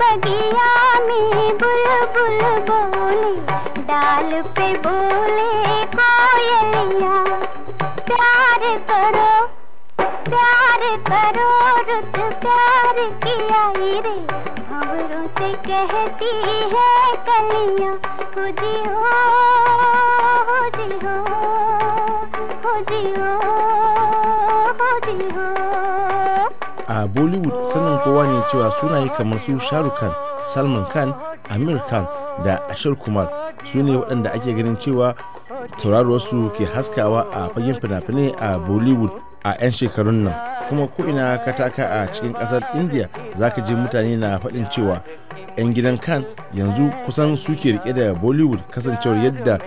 बगिया में बुलबुल बोले डाल पे बोले कोयलिया प्यार करो प्यार करो रुत प्यार किया रे खबरों से कहती है कलिया खुजी हो खुजी हो खुजी हो खुजी हो a bollywood sanin kowa ne cewa sunaye kamar su shahrukh salman khan amir khan da ashir kumar su ne waɗanda ake ganin cewa su ke haskawa a fagen fina-finai a bollywood a 'yan shekarun nan kuma ko'ina ka taka a cikin ƙasar india za ka ji mutane na faɗin cewa 'yan gidan khan yanzu kusan suke rike da bollywood kasancewar yadda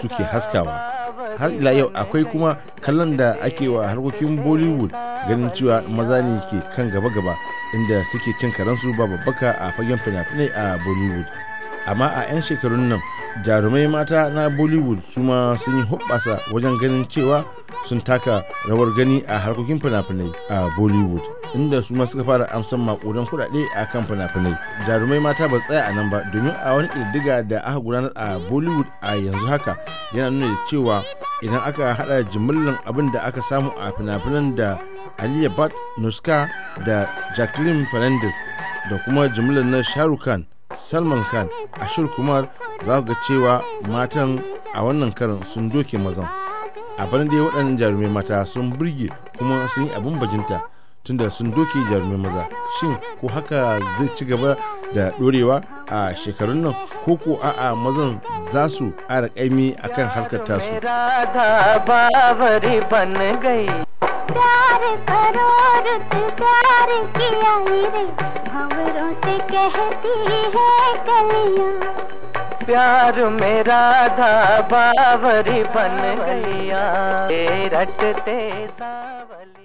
su ke haskawa har ila yau akwai kuma kallon da ake wa harkokin bollywood ganin cewa maza ne ke kan gaba-gaba inda suke cin karansu ba babbaka a fagen fina-finai a bollywood amma a 'yan shekarun nan jarumai mata na bollywood su ma sun yi hoɓɓasa wajen ganin cewa sun taka rawar gani a harkokin fina-finai a bollywood inda su ma suka fara amsan makudan kudade a kan fina-finai jarumai mata ba tsaya a nan ba domin a wani ƙididdiga da aka gudanar a bollywood a yanzu haka yana nuna cewa idan aka hada jimillan abin da aka samu a fina-finan da aliya bat nuska da jacqueline fernandez da kuma jimillin na shahrukh khan salman khan ashir kumar za ga cewa matan a wannan karin sun doke mazan a bana dai waɗannan jarumai mata sun burge kuma sun yi abin bajinta tunda sun doke jarumai maza shin ko haka zai ci gaba da ɗorewa a shekarun nan ko ko a'a mazan za su ƙara ƙaimi a kan harkar tasu. प्यार करो प्यार किया रे भंवरों से कहती है कलिया प्यार मेरा धा बावरी बन गया रटते सावल